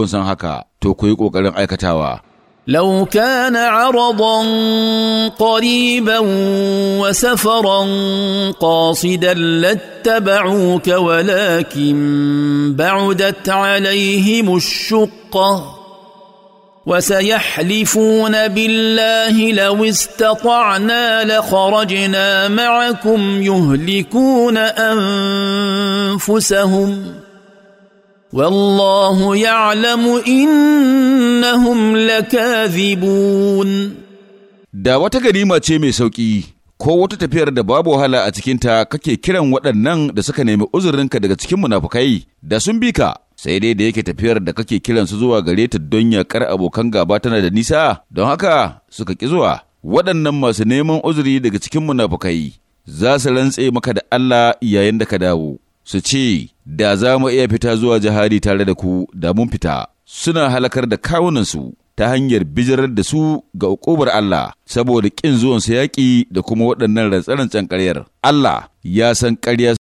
kun san haka to ku yi kokarin aikatawa لو كان عرضا قريبا وسفرا قاصدا لاتبعوك ولكن بعدت عليهم الشقه وسيحلفون بالله لو استطعنا لخرجنا معكم يهلكون انفسهم والله يعلم إنهم لكاذبون da wata ganima ce mai sauƙi ko wata tafiyar da babu wahala a cikinta kake kiran waɗannan da suka nemi uzurinka daga cikin munafukai da sun bi ka sai dai da yake tafiyar da kake kiransu zuwa gare ta don yaƙar abokan gaba tana da nisa don haka suka ƙi zuwa waɗannan masu neman uzuri daga cikin munafukai za su rantse maka da Allah yayin da ka dawo su ce, Da za mu iya fita zuwa jihadi tare da ku da mun fita, suna halakar da kawunansu ta hanyar bijirar da su ga ukubar Allah saboda ƙin zuwansu yaƙi da kuma waɗannan rantsarantsan ƙaryar. Allah ya san ƙarya